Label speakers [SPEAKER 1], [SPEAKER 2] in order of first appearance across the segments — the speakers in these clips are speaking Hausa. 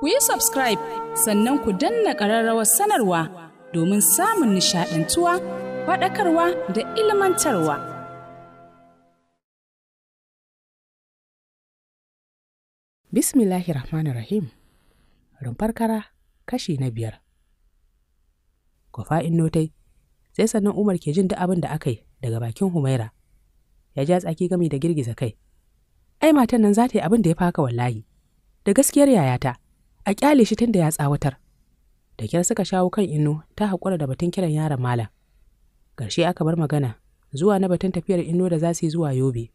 [SPEAKER 1] ku yi subscribe sannan ku danna ƙararrawar sanarwa domin samun nishaɗantuwa faɗakarwa da ilmantarwa. Bismillahirrahmanirrahim Rahim Rumfar kara kashi na biyar fa’in notai sai sannan Umar ke jin duk abin da aka yi daga bakin Humaira ya ja tsaki gami da girgiza kai. Ai matan nan za ta yi abin da ya faka wallahi da gaskiyar yayata. a kyale shi tun da ya tsawatar da kyar suka shawo kan inu ta haƙura da batun kiran yaron malam ƙarshe aka bar magana zuwa na batun tafiyar inu da za su yi zuwa yobe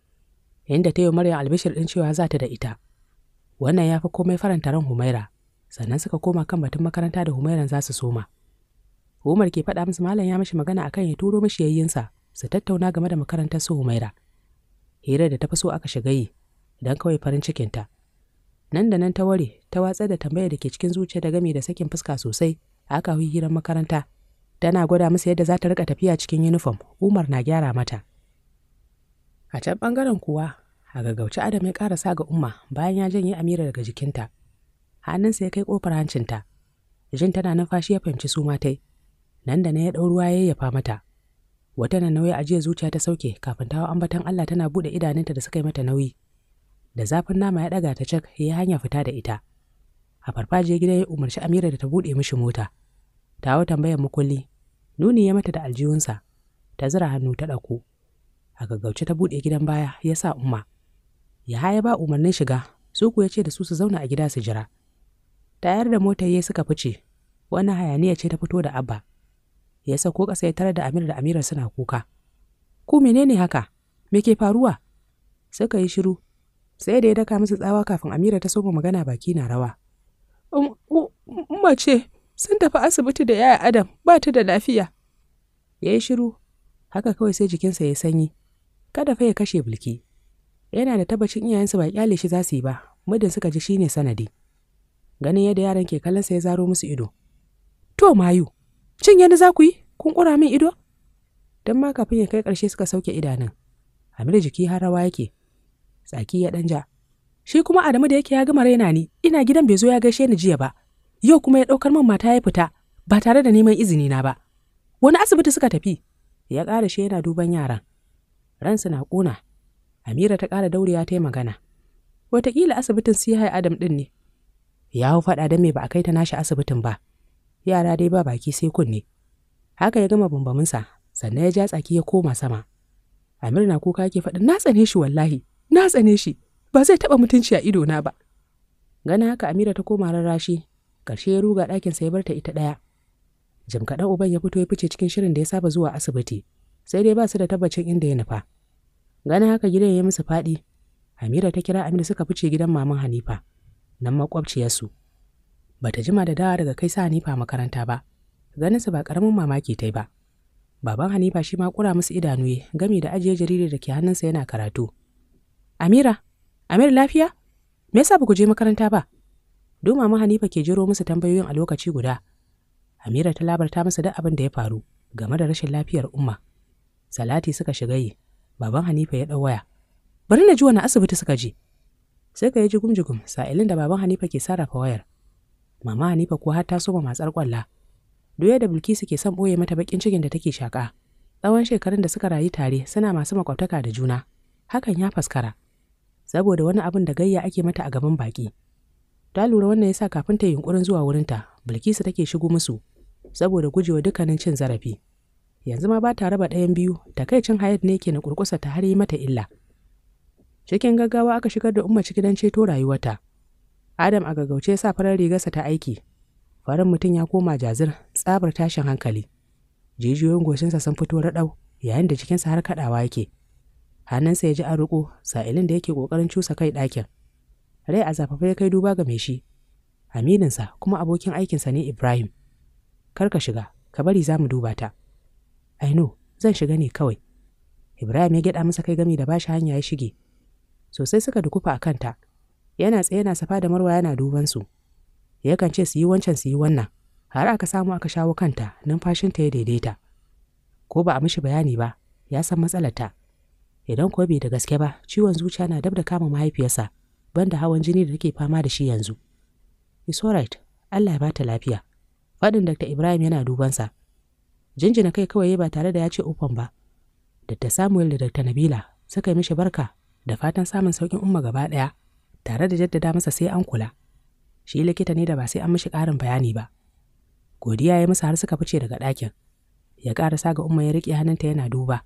[SPEAKER 1] inda ta yi maryam albishir din cewa za ta da ita wannan ya fi komai faranta ran humaira sannan suka koma kan batun makaranta da Humaira za su soma umar ke faɗa musu malam ya mishi magana akan ya turo mishi yayyinsa su tattauna game da makarantar su humaira Hira da ta fi so aka shiga yi don kawai farin cikinta nan da nan ta ware ta watsa da tambayar da ke cikin zuciya da game da sakin fuska sosai a aka hui hirar makaranta tana gwada masa yadda za ta rika tafiya cikin uniform umar na gyara mata a can bangaren kuwa a gaggauci adam ya karasa ga umma bayan ya janye amira daga jikinta hannunsa ya kai kofar hancinta jin tana numfashi ya fahimci su matai nan da nan ya ɗau ruwa ya yayyafa mata wata na nauyi ajiya zuciya ta sauke kafin ta ambatan Allah tana buɗe idanunta da suka yi mata nauyi da zafin nama ya ɗaga ta cak ya hanya fita da ita a farfajiyar gidan ya umarci amira da ta buɗe mishi mota ta hau tambayar mukulli nuni ya mata da aljihunsa ta zira hannu ta ɗauko a gaggauce ta buɗe gidan baya ya sa umma ya haya ba umarnin shiga su ya ce da su su zauna a gida su jira tayar da motar ya suka fice wani hayaniya ce ta fito da abba ya ko ƙasa ya tarar da amir da amira suna kuka ku menene haka me ke faruwa suka yi shiru sai da ya daka masa tsawa kafin amira ta soma magana baki na rawa um, um, mace sun tafi asibiti da yaya adam ba ta da lafiya ya yi shiru haka kawai sai jikinsa ya sanyi kada fa ya kashe bulki yana da tabbacin iyayensa ba kyale shi za su yi ba muddin suka ji shine sanadi ganin yadda yaran ke kalansa ya zaro musu ido to mayu cin yadda za ku yi kun kura min ido don ma kafin ya kai ƙarshe suka sauke idanun amir jiki har rawa yake tsaki ya ɗan Shi kuma Adamu da yake ya gama raina ni, ina gidan bai zo ya gaishe ni jiya ba. Yau kuma ya ɗaukar min mata ya fita ba tare da neman izini na ba. Wani asibiti suka tafi, ya ƙara shi yana duban yaran. Ransu na ƙuna. Amira ta ƙara daurewa ta yi magana. Wataƙila asibitin Sihai Adam ɗin ne. Ya hau faɗa da me ba a kai ta nashi asibitin ba. Yara dai ba baki sai kunne. Haka ya gama bambaminsa, sannan ya ja tsaki ya koma sama. Amir na kuka ke faɗin na tsane shi wallahi. na tsane shi ba zai taɓa mutunci a ido na ba gana haka amira ta koma rarrashi ƙarshe ya ruga ɗakinsa ya barta ita ɗaya jim kaɗan uban ya fito ya fice cikin shirin da ya saba zuwa asibiti sai dai ba su da tabbacin inda ya nufa ganin haka gidan ya musu faɗi amira ta kira amira suka fice gidan maman hanifa nan makwabciyarsu ba ta jima da dawa daga kai sa hanifa makaranta ba ganin su ba ƙaramin mamaki ta ba baban hanifa shi ma ƙura musu idanu gami da ajiye jaridar da ke hannunsa yana karatu Amira, Amir lafiya? Me yasa ba ku je makaranta ba? Duma mu Hanifa ke jiro musu tambayoyin a lokaci guda. Amira ta labarta masa duk abin da ya faru game da rashin lafiyar Umma. Salati suka shiga yi, baban Hanifa ya ɗau waya. Bari na ji wani asibiti suka je. Sai ka yi jigum-jigum sa'ilin da baban Hanifa ke sarrafa wayar. Mama Hanifa ko har ta soma matsar kwalla. Doya da Bilkisu ke son ɓoye mata baƙin cikin da take shaƙa. Tsawon shekarun da suka rayu tare suna masu makwabtaka da juna. Hakan ya faskara. saboda wani abin da gayya ake mata a gaban baƙi. Ta lura wannan yasa kafin ta yunkurin zuwa wurinta, Bilkisu take shigo musu saboda gujewa dukkanin cin zarafi. Yanzu ma ba ta raba ɗayan biyu, takaicin Hayat ne ke na kurkusa ta har yi mata illa. Cikin gaggawa aka shigar da Umma cikin dan ceto rayuwarta. Adam a gaggauce sa farar rigarsa ta aiki. Farin mutum ya koma jazir, tsabar tashin hankali. Jijiyoyin goshinsa sun fito raɗau, yayin da cikinsa har kaɗawa yake. hannunsa ya ji an riƙo sa'ilin da yake ƙoƙarin cusa kai ɗakin rai a zafafa ya kai duba ga mai shi amininsa kuma abokin aikinsa ne ibrahim kar ka shiga ka bari za mu duba ta aino zan shiga ne kawai ibrahim ya gyaɗa masa kai gami da bashi hanya ya shige sosai suka dukufa a kanta yana tsaye yana safa da marwa yana duban su yakan ce su yi wancan su yi wannan har aka samu aka shawo kanta numfashinta ya daidaita ko ba a mishi bayani ba ya san ta. idan kuwa bai da gaske ba ciwon zuciya na dab da kama mahaifiyarsa ban da hawan jini da take fama da shi yanzu it's alright Allah ya bata lafiya faɗin Dr. Ibrahim yana dubansa jinjina kai kawai ba tare da ya ce ofan ba Dr. Samuel da Dr. Nabila suka yi mishi barka da fatan samun saukin umma gaba ɗaya tare da jaddada masa sai an kula shi likita ne da ba sai an mishi ƙarin bayani ba godiya ya masa har suka fice daga ɗakin ya ƙarasa ga umma ya riƙe hannunta yana duba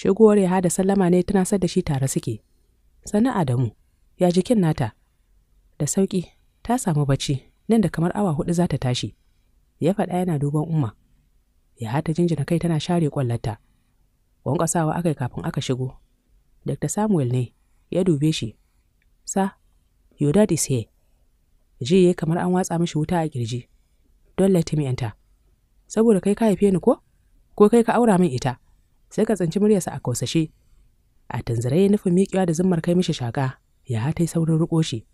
[SPEAKER 1] shigowar ya da sallama ne tana sa da shi tare suke sannan adamu ya jikin nata da sauƙi ta samu bacci nan da kamar awa huɗu za ta tashi ya faɗa yana duban umma ya hata jinjina kai tana share ƙwallarta ƙwanƙwasawa aka kafin aka shigo dr samuel ne ya dube shi sa your dad is here ji ya kamar an watsa mishi wuta a kirji don let me enter saboda kai ka haife ni ko ko kai ka aura min ita sai ka tsinci muryarsa a kausashe a tanzare ya nufin miƙewa da zummar kai mishi shaƙa ya hatai saurin riƙo shi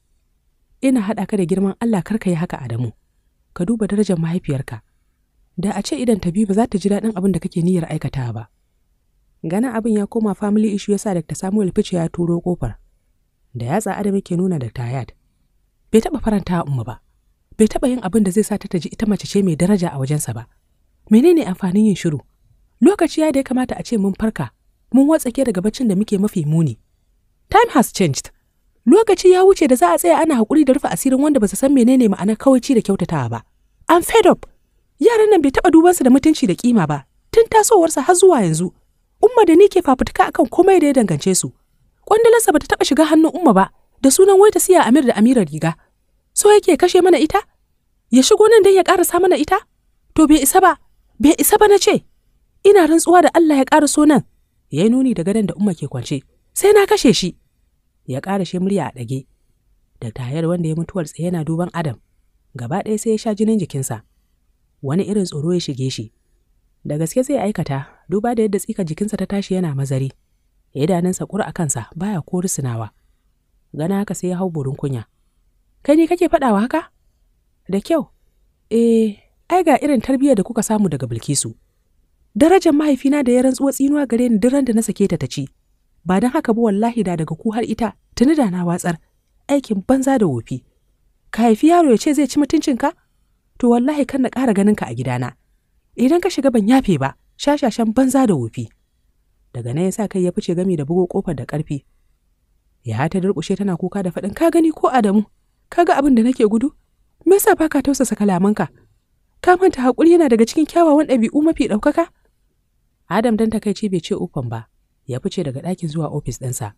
[SPEAKER 1] ina haɗa ka da girman Allah kar ka yi haka Adamu ka duba darajar mahaifiyarka da a ce idan tabi ba za ta ji daɗin abin da kake niyyar aikata ba ganin abin ya koma family issue yasa Dr. Samuel Fice ya turo kofar da yatsa Adam yake nuna da Tayad bai taɓa faranta umma ba bai taɓa yin abin da zai sa ta ji ita mace ce mai daraja a wajensa ba menene amfanin yin shiru lokaci ya da ya kamata a ce mun farka mun watsake daga baccin da muke mafi muni time has changed lokaci ya wuce da za a tsaya ana haƙuri da rufe asirin wanda ba su san menene ma'anar kawaici da kyautatawa ba an fed up yaran nan bai taɓa dubansu da mutunci da kima ba tun tasowarsa har zuwa yanzu umma da ni ke fafutuka akan komai da ya dangance su kwandalarsa ba ta taɓa shiga hannun umma ba da sunan wai ta siya amir da amira riga so yake kashe mana ita ya shigo nan don ya ƙarasa mana ita to bai isa ba bai isa ba na ce ina rantsuwa da Allah ya ƙara so nan ya yi nuni da gadon da umma ke kwance sai na kashe shi ya ƙara shi murya a ɗage da tayar wanda ya mutuwar tsaye yana duban adam gaba ɗaya sai ya sha jinin jikinsa wani irin tsoro ya shige shi da gaske zai aikata duba da yadda tsika jikinsa ta tashi yana mazari idanunsa ƙura a kansa baya ko risinawa gana haka sai ya hau burin kunya kai ne kake faɗawa haka da kyau eh ai ga irin tarbiyyar da kuka samu daga bilkisu darajar mahaifina da ya rantsuwa tsinuwa gare ni duran da na sake ta taci. ba don haka ba wallahi da daga ku har ita tuni da na watsar aikin banza da wofi ka haifi yaro ya ce zai ci mutuncinka to wallahi kan na ƙara ganin ka a gidana idan ka shiga ban yafe ba shashashen banza da wofi daga nan ya sa kai ya fice gami da bugo kofar da ƙarfi ya ta durƙushe tana kuka da faɗin ka gani ko Adamu ka ga abin da nake gudu me yasa baka tausasa kalamanka ka manta haƙuri yana daga cikin kyawawan ɗabi'u mafi ɗaukaka Adam dan takaici bai ce ufan ba, ya fice daga ɗakin zuwa ofis ɗinsa.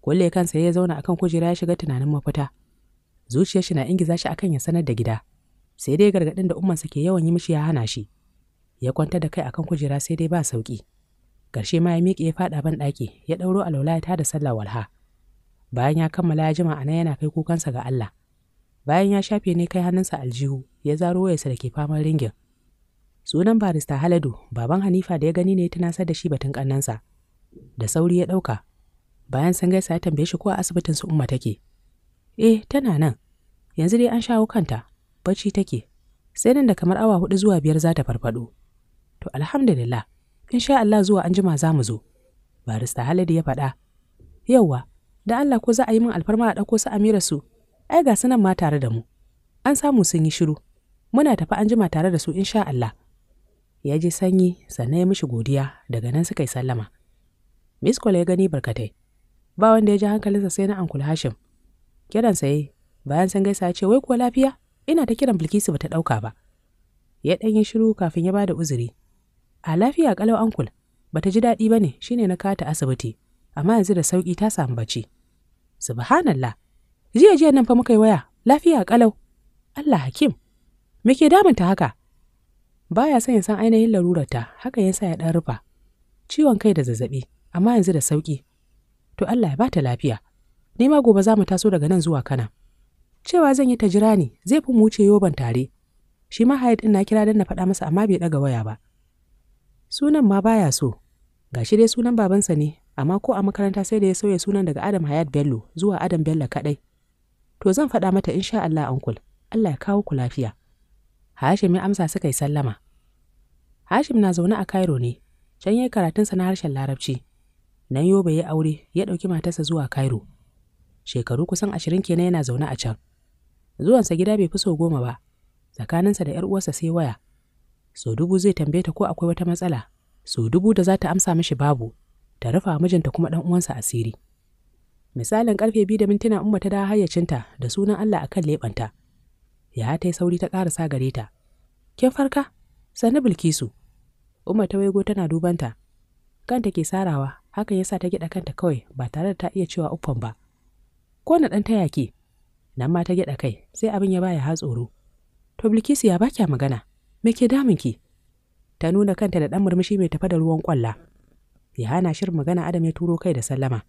[SPEAKER 1] Kulle kansa ya zauna akan kujera ya shiga tunanin mafita. Zuciyar shi na ingiza shi akan ya sanar da gida. Sai dai gargaɗin da ummansa ke yawan yi mishi ya hana shi. Ya kwanta da kai akan kujera sai dai ba sauki. Karshe ma ya miƙe ya faɗa ban ɗaki, ya ɗauro alaula ya tada sallah walha. Bayan ya kammala ya jima anan yana kai kukansa ga Allah. Bayan ya shafe ne kai hannunsa aljihu, ya zaro wayarsa da ke faman ringin. Sunan barista Haladu, baban Hanifa da ya gani ne ya tunasar da shi batun kannansa Da sauri ya ɗauka. Bayan sangayasa, gaisa ya tambaye shi ko a asibitin su umma take. Eh, tana nan. Yanzu dai an shawo kanta, bacci take. Sai nan da kamar awa hudu zuwa biyar za ta farfado. To alhamdulillah, in sha Allah zuwa an jima za mu zo. Barista Haladu ya faɗa. Yauwa, da Allah ko za a yi min alfarma a ɗauko su Amira su, ai ga su nan ma tare da mu. An samu sun yi shiru. Muna tafi an jima tare da su in sha Allah. ya ji sanyi sannan ya mishi godiya daga nan suka yi sallama. Miss ya gani barkatai, ba wanda ya ji hankalinsa sai na Ankul Hashim. Kiran saye bayan sun gaisa ya ce wai kuwa lafiya ina ta kiran Bilkisu bata ɗauka ba. Ya ɗan yi shiru kafin ya bada uzuri. A lafiya kalau Ankul bata ji daɗi ba ne shine na kata asibiti amma yanzu da sauƙi ta samu bacci. Subhanallah jiya jiya nan fa muka yi waya lafiya kalau. Allah hakim me ke damunta haka? Ba ya son ya san ainihin larurarta, haka ya sa ya ɗan rufa. Ciwon kai da zazzaɓi, amma yanzu da sauƙi. To Allah ya ba ta lafiya. Ni ma gobe za mu taso daga nan zuwa Kana. Cewa zan yi ta jira ni zai fi mu wuce yoban tare. Shi ma Hayat ɗin na kira dan na faɗa masa amma bai ɗaga waya ba. Sunan ma baya so. Gashi dai sunan babansa ne, amma ko a makaranta sai da ya sauya sunan daga Adam Hayat Bello zuwa Adam Bello kaɗai. To zan faɗa mata insha Allah ankul. Allah ya kawo ku lafiya. Hashim ya amsa suka yi sallama. Hashim na zaune a Cairo ne, can ya yi karatunsa na harshen Larabci. Nan Yoba ya aure ya ɗauki matarsa zuwa Cairo. Shekaru kusan ashirin kenan yana zaune a can. Zuwansa gida bai fi so goma ba, tsakaninsa da 'yar uwarsa sai waya. So dubu zai tambaye ta ko akwai wata matsala, sau dubu da za ta amsa mishi babu, ta rufa mijinta kuma ɗan uwansa asiri. Misalin ƙarfe biyu da mintuna umma ta da hayyacinta da sunan Allah akan leɓanta. Ya ta yi sauri ta ƙarasa gare ta. Kin farka? Sani Bilkisu. Umar ta waigo tana dubanta. Kanta ke sarawa, hakan ya sa ta gyaɗa kanta kawai ba tare da ta iya cewa uffan ba. Ko na ɗan taya ke? Nan ma ta gyaɗa kai, sai abin ya baya hatsoro. To Bilkisu ya baki magana, me ke damun ki? Ta nuna kanta da ɗan murmushi mai tafa da ruwan ƙwalla. Ya hana shirin magana Adam ya turo kai da sallama.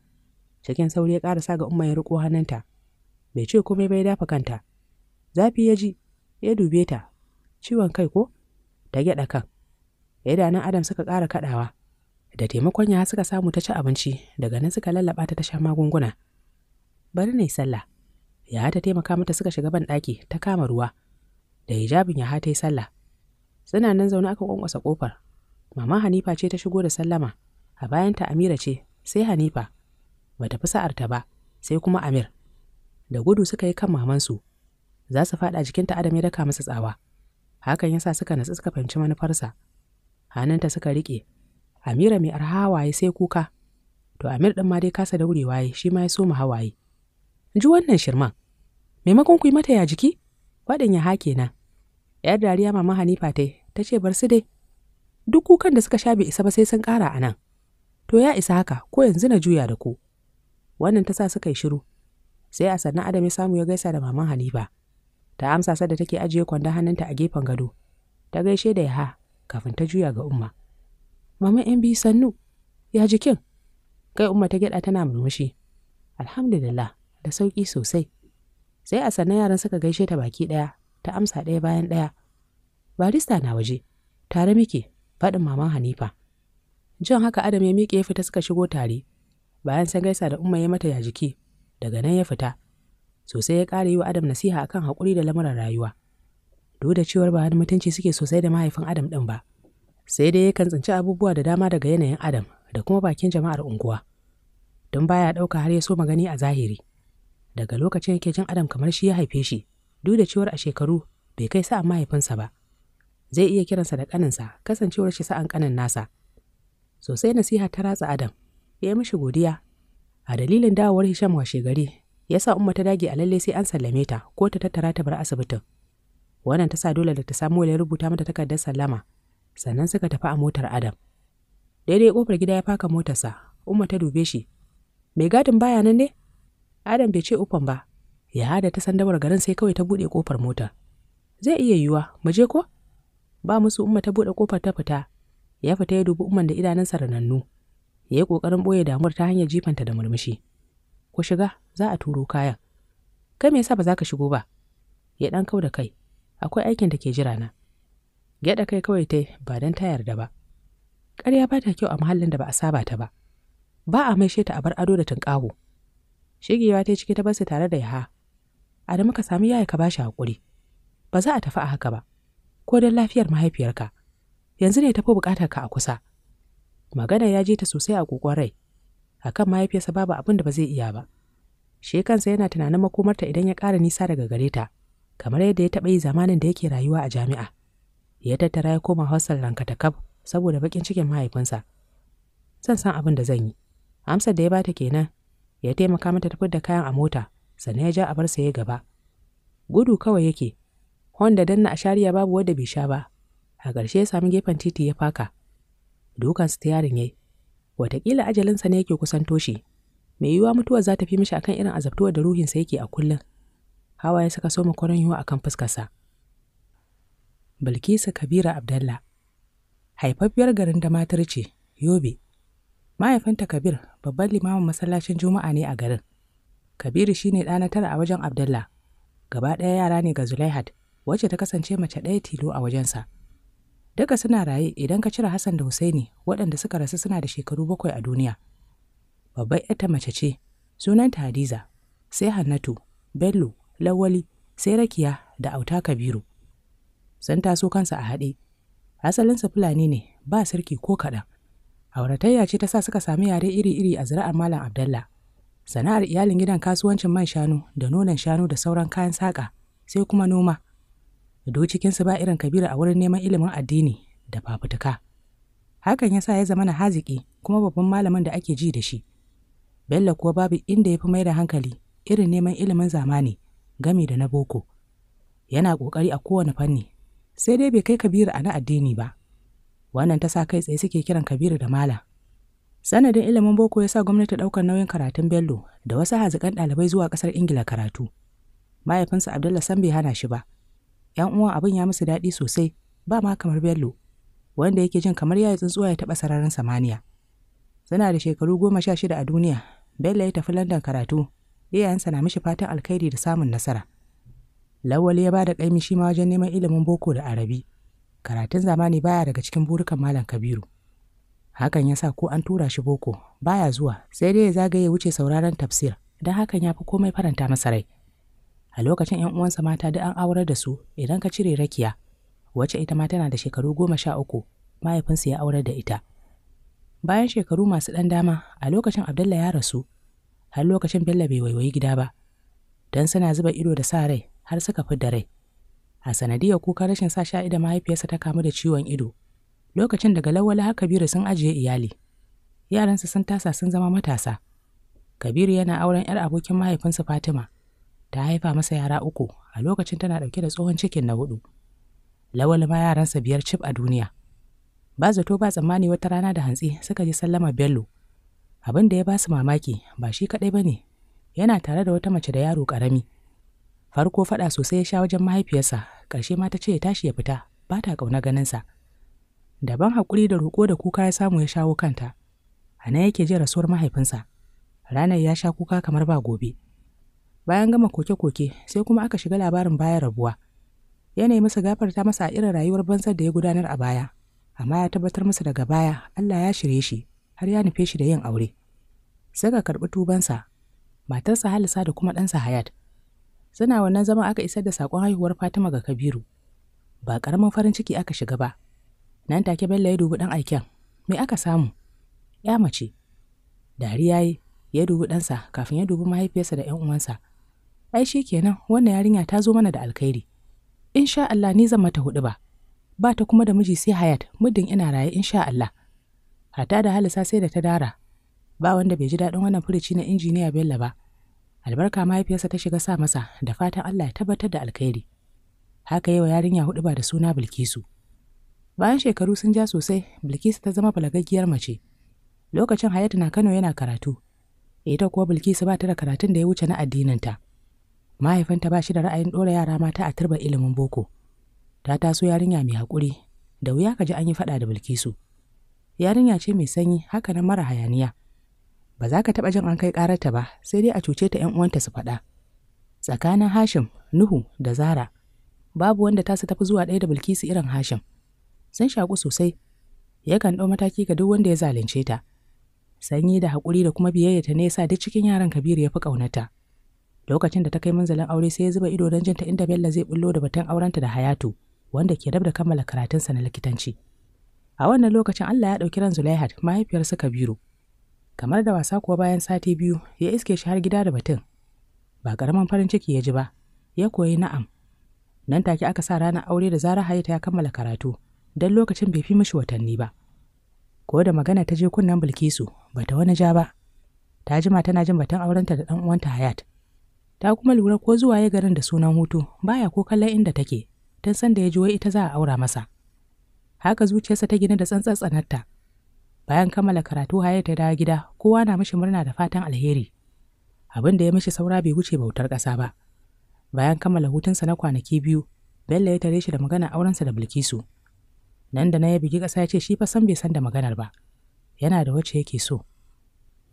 [SPEAKER 1] Cikin sauri ya ƙarasa ga Umma ya riƙo hannunta. Bai ce komai bai dafa kanta. zafi ya ji ya dube ta ciwon kai ko ta gyaɗa kan idanun adam suka ƙara kaɗawa da taimakon ya suka samu ta ci abinci daga nan suka lallaba ta tashar magunguna bari ne sallah ya ta taimaka mata suka shiga ban ɗaki ta kama ruwa da hijabin ya ta yi sallah suna nan zaune aka kwankwasa ƙofar mama hanifa ce ta shigo da sallama a bayanta amira ce sai hanifa bata fi sa'arta ba sai kuma amir da gudu suka yi kan mamansu za su faɗa jikinta Adam ya daka masa tsawa. Hakan yasa suka natsu suka fahimci manufarsa. Hannunta suka riƙe. Amira mai arha hawaye sai kuka. To Amir ɗin ma dai kasa daurewa ya shi ma ya so soma hawaye. Ji wannan shirman. Maimakon ku yi mata ya jiki? Faɗin ya hake na. ‘Yar dariya mama Hanifa ta ta ce bar su dai. Duk kukan da suka sha bai isa ba sai sun ƙara a nan. To ya isa haka ko yanzu na juya da ku. Wannan ta sa suka yi shiru. Sai a sannan Adam ya samu ya gaisa da maman Hanifa. ta amsa sadda take ajiye kwandon hannunta a gefen gado ta gaishe da yaha kafin ta juya ga umma mama yan biyu sannu ya jikin kai umma ta gyada tana murmushi alhamdulillah da sauki sosai sai a sannan yaran suka gaishe ta baki daya ta amsa daya bayan daya barista na waje tare muke faɗin maman hanifa jan haka adam ya miƙe ya fita suka shigo tare bayan sai gaisa da umma ya mata ya jiki daga nan ya fita sosai ya ƙara yi wa Adam nasiha akan haƙuri da lamuran rayuwa. Duk da cewar ba wani mutunci suke sosai da mahaifin Adam ɗin ba, sai dai yakan tsinci abubuwa da dama daga yanayin Adam da kuma bakin jama'ar unguwa. Don baya ɗauka har ya so magani a zahiri. Daga lokacin yake jin Adam kamar shi ya haife shi, duk da cewar a shekaru bai kai sa'an mahaifinsa ba. Zai iya kiransa da ƙaninsa, kasancewar shi sa'an ƙanin nasa. Sosai nasiha ta ratsa Adam, ya yi mishi godiya. A dalilin dawowar Hisham washe gari, ya sa umma ta dage a lalle sai an sallame ta ko ta tattara ta bar asibitin wannan ta sa dole da ta samu ya rubuta mata takardar sallama sannan suka tafi a motar adam daidai kofar gida ya faka motarsa umma ta dube shi mai gadin baya nan ne adam bai ce ufan ba ya hada ta sandawar garin sai kawai ta buɗe kofar motar zai iya yiwuwa mu je ko ba musu umma ta buɗe kofar ta fita ya fita ya dubi umman da idanunsa ranannu ya yi ƙoƙarin ɓoye damuwar ta hanyar jifanta da murmushi ku shiga za a turo kayan kai me yasa ba za ka shigo ba ya ɗan kau da kai akwai aikin da ke jira na gyaɗa kai kawai tai ba don ta yarda ba ƙarya ba ta kyau a muhallin da ba a saba ta ba ba a maishe ta a bar ado da tunƙaho shigewa ta ciki ta basu tare da yaha a da muka sami yaya ka ba shi haƙuri ba za a tafi a haka ba ko don lafiyar mahaifiyarka yanzu ne tafi buƙatar ka a kusa magana ya je ta sosai a ƙoƙon rai a kan mahaifiyarsa babu abin da ba zai iya ba shi kansa yana tunanin makomarta idan ya ƙara nisa daga gare ta kamar yadda ya taɓa yi zamanin da yake rayuwa a jami'a ya tattara ya koma hostel rankatakaf saboda baƙin cikin mahaifinsa zan san abin da zan yi amsar da ya bata kenan ya taimaka mata ta da kayan a mota sannan ya ja a barsa ya gaba gudu kawai yake honda danna a shariya babu wadda bai sha ba a ƙarshe ya sami gefen titi ya faka dukan ta yarin yayi Wataƙila ajalinsa ne yake kusanto shi, mai yiwuwa mutuwar za ta fi mishi akan irin azabtuwar da ruhinsa yake a kullum. Hawa ya saka so makwaron yiwa akan fuskarsa. Bilkisu Kabira Abdalla haifaffiyar garin da matar ce, Yobe. Mahaifinta Kabir babban limamin masallacin Juma'a ne a garin. Kabiru shi ne ɗana tara a wajen Abdalla. Gaba ɗaya yara ne ga Zulaihat, wacce ta kasance mace ɗaya tilo a wajensa. Duka suna raye idan ka cire Hassan da Husaini waɗanda suka rasu suna da shekaru bakwai a duniya. Babbar ‘yarta mace ce, sunanta Hadiza, sai Hannatu, Bello, Lawali, sai Rakiya da Auta Kabiru. Sun taso kansa a haɗe. Asalinsa Fulani ne, ba sarki ko kaɗan. Auratayya ce ta sa suka sami yare iri-iri a zira'ar Malam Abdallah. Sana'ar iyalin gidan kasuwancin man shanu da nonon shanu da sauran kayan saƙa, sai kuma noma. cikin cikinsu ba irin kabiru a wurin neman ilimin addini da fafutuka hakan ya sa ya zama na haziki kuma babban malamin da ake ji da shi bello kuwa babu inda ya fi mai da hankali irin neman ilimin zamani gami da na boko yana ƙoƙari a kowane fanni sai dai bai kai kabiru a na addini ba wannan ta sa kai tsaye suke kiran kabiru da mala sanadin ilimin boko ya sa gwamnati ɗaukar nauyin karatun bello da wasu hazikan ɗalibai zuwa ƙasar ingila karatu mahaifinsa abdullah san bai hana shi ba ‘Yan uwan abin ya musu daɗi sosai, ba ma kamar Bello, wanda yake jin kamar yayi tsuntsuwa ya taɓa sararin samaniya. Suna da shekaru goma sha shida a duniya, Bello ya tafi London karatu, iyayensa na mishi fatan alkhairi da samun nasara. Lawal ya ba da ƙaimi shi ma wajen neman ilimin boko da arabi. Karatun zamani baya daga cikin burukan Malam Kabiru. Hakan ya sa ko an tura shi boko, baya zuwa, sai dai ya zagaye wuce sauraron tafsir, don hakan ya fi komai faranta masa rai. a lokacin 'yan uwansa mata duk an aurar da su idan ka cire rakiya wacce ita ma tana da shekaru goma sha uku mahaifinsu ya aurar da ita bayan shekaru masu ɗan dama a lokacin abdalla ya rasu har lokacin bello bai waiwayi gida ba don suna zuba ido da sa rai har suka fi da rai a sanadiyar kuka rashin sa sha'ida mahaifiyarsa ta kamu da ciwon ido lokacin daga lawala har kabiru sun ajiye iyali yaransa sun tasa sun zama matasa kabiru yana auren 'yar abokin mahaifinsa fatima ta haifa masa yara uku a lokacin tana ɗauke da tsohon cikin na hudu. Lawal ma yaransa biyar cif a duniya. Ba zato ba tsammani wata rana da hantsi suka ji sallama Bello. Abin da ya ba su mamaki ba shi kaɗai ba ne, yana tare da wata mace da yaro ƙarami. Farko faɗa sosai ya sha wajen mahaifiyarsa, ƙarshe ma ta ce ya tashi ya fita, ba ta ƙauna ganinsa. Daban hakuri da roƙo da kuka ya samu ya shawo kanta. A nan yake ji rasuwar mahaifinsa. Ranar ya sha kuka kamar ba gobe. bayan gama koke-koke sai kuma aka shiga labarin bayan rabuwa yanayi masa ta masa a irin rayuwar banzar da ya gudanar a baya amma ya tabbatar masa daga baya Allah ya shirye shi har ya nufe shi da yin aure sai ka karɓi tubansa matarsa halisa da kuma ɗansa hayat suna wannan zama aka isar da sakon haihuwar fatima ga kabiru ba ƙaramin farin ciki aka shiga ba nan take bello ya dubi ɗan aiken me aka samu ya mace dariya ya dubi ɗansa kafin ya dubi mahaifiyarsa da 'yan uwansa ai shi kenan wannan yarinya ta zo mana da alkhairi insha Allah ni zan mata hudu ba ba ta kuma da miji sai Hayat muddin ina raye insha Allah hata da halisa sai da ta dara ba wanda bai ji daɗin wannan furici na injiniya Bello ba albarka mahaifiyarsa ta shiga sa masa da fatan Allah ya tabbatar da alkhairi haka yawa yarinya hudu ba da suna Bilkisu bayan shekaru sun ja sosai Bilkisu ta zama balagaggiyar mace lokacin Hayat na Kano yana karatu ita kuwa Bilkisu ba ta da karatun da ya wuce na addininta Mahaifanta ba shi da ra'ayin ɗora yara mata a turba ilimin boko ta taso yarinya mai haƙuri da wuya ka ji an yi faɗa da bilkisu yarinya ce mai sanyi haka nan mara hayaniya ba za ka taɓa jin an kai ƙararta ba sai dai a cuce ta ‘yan uwanta su faɗa tsakanin hashim nuhu da zara babu wanda ta su tafi zuwa ɗaya da bilkisu irin hashim sun shaƙu sosai yakan ɗau mataki ga duk wanda ya zalunce ta sanyi da haƙuri da kuma biyayya ta nesa duk cikin yaran kabiru ya fi ƙaunata lokacin da ta kai manzalin aure sai ya zuba ido don jinta inda Bello zai bullo da batun aurenta da Hayatu wanda ke dab da kammala karatunsa na likitanci. A wannan lokacin Allah ya ɗauki ran Zulaihat mahaifiyarsa Kabiru. Kamar da wasa kuwa bayan sati biyu ya iske shi har gida da batun. Ba ƙaramin farin ciki ya ji ba, ya koyi na'am. Nan take aka sa ranar aure da zarar Hayata ya kammala karatu, don lokacin bai fi mishi watanni ba. Ko da magana ta je kunnen Bilkisu, bata wani ja ba. Ta jima tana jin batun aurenta da ɗan uwanta Hayat. ta kuma lura ko zuwa ya garin da sunan hutu baya ko kallon inda take tun san da ya ji wai ita za a aura masa haka zuciyarsa ta gina da tsantsar tsanarta bayan kammala karatu haya ta dawo gida kowa na mishi murna da fatan alheri abin da ya mishi saura bai wuce bautar ƙasa ba bayan kammala hutunsa na kwanaki biyu Bello ya tare shi da magana aurensa da Bilkisu. Nan da na ya bigi ƙasa ya ce shi fa san bai san da maganar ba. Yana da wacce yake so.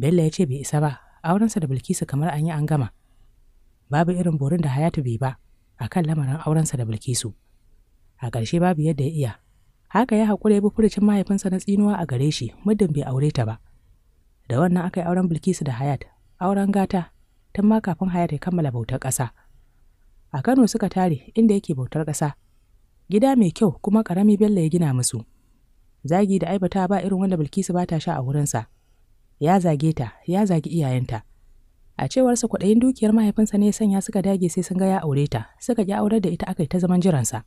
[SPEAKER 1] Bello ya ce bai isa ba, aurensa da Bilkisu kamar an yi an gama. babu irin borin da Hayatu bai ba a kan lamarin aurensa da Bilkisu. A ƙarshe babu yadda ya iya, haka ya haƙura ya bi furucin mahaifinsa na tsinuwa a gare shi muddin bai aure ta ba. Da wannan aka yi auren Bilkisu da Hayat, auren gata, tun ma kafin Hayat ya kammala bautar ƙasa. A Kano suka tare inda yake bautar ƙasa, gida mai kyau kuma ƙarami Bello ya gina musu. Zagi da aibata ba irin wanda Bilkisu ba ta sha a wurinsa. Ya zage ta, ya zagi iyayenta. A cewarsa kwaɗayin dukiyar mahaifinsa ne ya sanya suka dage sai sun ga ya aure ta, suka ƙi aurar da ita aka yi ta zaman jiransa.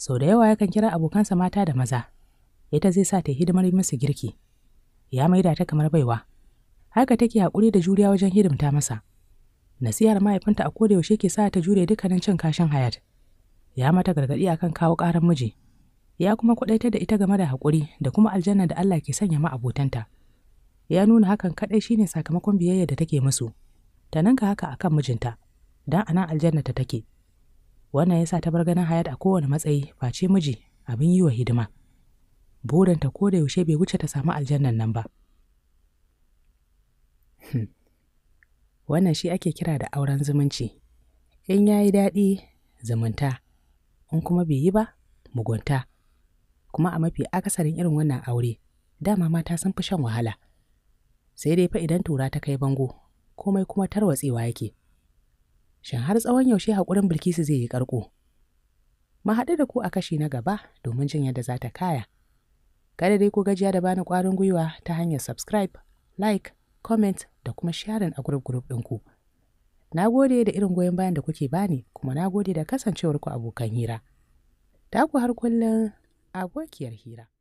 [SPEAKER 1] Sau da yawa yakan kira abokansa mata da maza, ita zai sa ta hidimar musu girki. Ya maida ta kamar baiwa. Haka take haƙuri da juriya wajen hidimta masa. Nasihar mahaifinta a koda yaushe ke sa ta jure dukkanin cin kashin hayat. Ya mata gargaɗi akan kawo ƙaran miji. Ya kuma kwaɗaitar da ita game da haƙuri da kuma aljanna da Allah ke sanya ma abotanta. ya nuna hakan kaɗai shine sakamakon biyayya da take musu ta ninka haka akan mijinta dan anan aljanna ta take wannan yasa ta bar ganin hayat a kowane matsayi face miji abin yi wa hidima burinta ko da yaushe bai wuce ta samu aljannan nan ba hmm. wannan shi ake kira da auren zumunci in yayi yi daɗi zumunta in kuma bai yi ba mugunta kuma a mafi akasarin irin wannan aure dama mata sun fi shan wahala sai dai fa idan tura ta kai bango komai kuma tarwatsewa yake shin har tsawon yaushe haƙurin bilkisu zai yi ƙarƙo mu da ku a kashi na gaba domin jin yadda za ta kaya kada dai ku gajiya da bani ƙwarin gwiwa ta hanyar subscribe like comment da kuma sharing a grup group ɗinku na gode da irin goyon bayan da kuke bani kuma na gode da kasancewarku abokan hira ta ku har kullum abokiyar hira